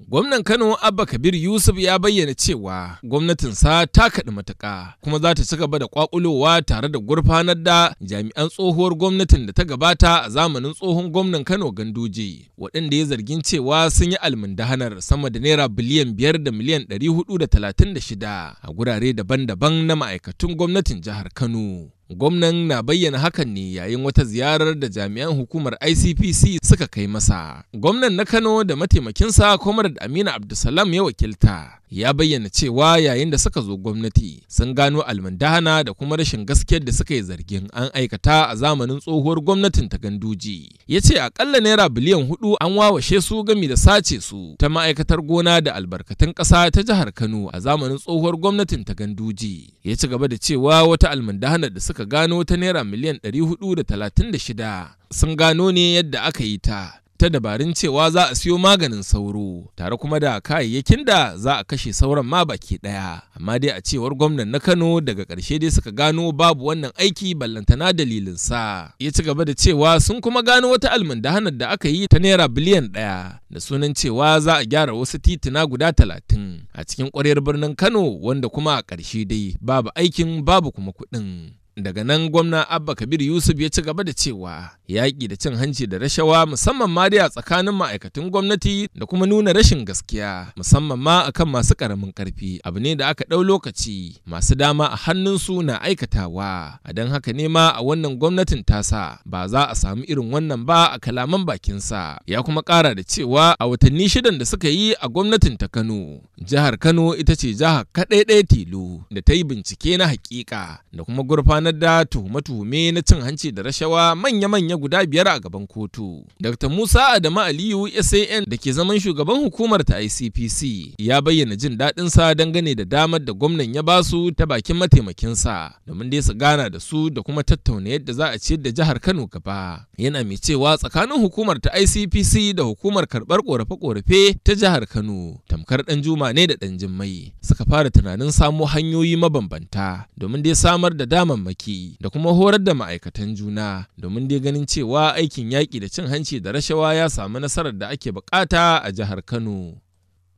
Gwamnan Kano Abba Kabir Yusuf ya bayyana cewa gwamnatinsa ta kaɗi matuka, kuma za ta ci gaba da ƙwaƙulowa tare da gurfanar da jami'an tsohuwar gwamnatin da ta gabata a zamanin tsohon gwamnan Kano Ganduje waɗanda ya zargin cewa sun yi almundahanar sama da naira biliyan biyar da miliyan ɗari hudu da talatin da shida a gurare daban-daban na ma'aikatun gwamnatin jihar Kano. Gwamnan na bayyana hakan ne yayin wata ziyarar da jami'an hukumar ICPC suka kai masa. Gwamnan na Kano da mataimakinsa Comrade Aminu Abdulsalam ya wakilta. Ya bayyana cewa yayin da suka zo gwamnati sun gano almandahana da kuma rashin gaskiyar da suka yi zargin an aikata a zamanin tsohuwar gwamnatin ta ganduji. Ya ce akalla naira biliyan hudu an wawashe su gami da sace su ta ma'aikatar gona da albarkatun ƙasa ta jihar Kano a zamanin tsohuwar gwamnatin ta ganduji. ya ci gaba da cewa wata almundahanar da suka gano ta naira miliyan 436 sun gano ne yadda aka yi ta ta dabarun cewa za a siyo maganin sauro tare kuma da kayayyakin da za a kashe sauran ma baki ɗaya amma dai a cewar gwamnan na kano daga karshe dai suka gano babu wannan aiki ballantana dalilin sa ya ci gaba da cewa sun kuma gano wata almundahanar da aka yi ta naira biliyan ɗaya da sunan cewa za a gyara wasu tituna guda talatin a cikin kwarewar birnin kano wanda kuma a karshe dai babu aikin babu kuma kuɗin daga nan gwamna abba kabir yusuf ya ci gaba da cewa yaƙi da cin hanci da rashawa musamman ma dai a tsakanin ma'aikatan gwamnati da kuma nuna rashin gaskiya musamman ma akan masu ƙaramin ƙarfi abu ne da aka ɗau lokaci masu dama a hannunsu na aikatawa a don haka ne ma a wannan gwamnatin tasa ba za a samu irin wannan ba a kalaman bakinsa ya kuma ƙara da cewa a watanni shidan da suka yi a gwamnatin ta kano jihar kano ita ce jiha kaɗai ɗaya tilo da ta yi bincike na hakika da kuma gurfana gurfanar da tuhume-tuhume na cin hanci da rashawa manya-manya guda biyar a gaban kotu. Dr. Musa Adamu Aliyu SAN da ke zaman shugaban hukumar ta ICPC ya bayyana jin daɗinsa dangane da damar da gwamnan ya basu ta bakin mataimakinsa domin dai su gana da su da kuma tattauna yadda za a ciyar da jihar Kano gaba. Yana mai cewa tsakanin hukumar ta ICPC da hukumar karɓar ƙorafe-ƙorafe ta jihar Kano tamkar ɗan juma ne da ɗan jimmai suka fara tunanin samo hanyoyi mabambanta domin dai samar da damammaki ake da kuma horar da ma'aikatan juna domin dai ganin cewa aikin yaƙi da cin hanci da rashawa ya samu nasarar da ake buƙata a jihar Kano.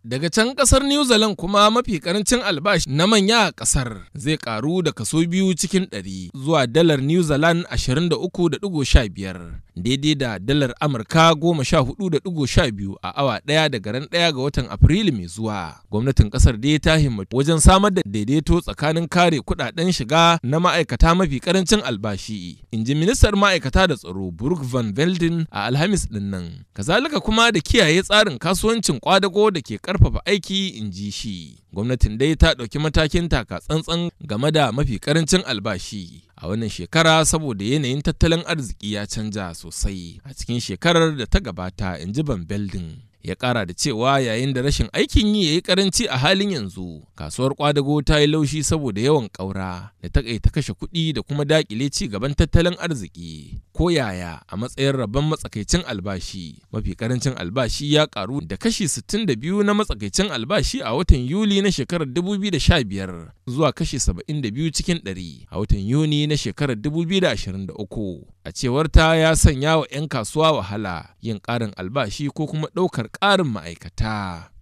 Daga can ƙasar New Zealand kuma mafi ƙarancin albashi na manya a ƙasar. zai ƙaru da kaso biyu cikin ɗari zuwa dalar New Zealand 23.15. daidai da dalar amurka goma sha hudu da digo sha biyu a awa ɗaya da garan ɗaya ga watan afrilu mai zuwa gwamnatin ƙasar dai ta himmatu wajen samar da daidaito tsakanin kare kuɗaɗen shiga na ma'aikata mafi karancin albashi in ji ministar ma'aikata da tsaro brook van velden a alhamis ɗin nan kazalika kuma da kiyaye tsarin kasuwancin kwadago da ke karfafa aiki in ji shi gwamnatin dai ta ɗauki matakin taka tsantsan game da mafi karancin albashi a wannan shekara saboda yanayin tattalin arziki ya canja sosai a cikin shekarar da ta gabata in ji ban beldin ya kara da cewa yayin da rashin aikin yi ya yi karanci a halin yanzu kasuwar kwadago ta yi laushi saboda yawan ƙaura da takaita kashe kuɗi da kuma dakile ci gaban tattalin arziki Koyaya, a matsayin rabon matsakaicin albashi mafi karancin albashi ya karu da kashi 62 na matsakaicin albashi a watan yuli na shekarar 2015 zuwa kashi 72 cikin 100 a watan yuni na shekarar 2023 a cewar ta ya sanya wa 'yan kasuwa wahala yin ƙarin albashi ko kuma ɗaukar ƙarin ma'aikata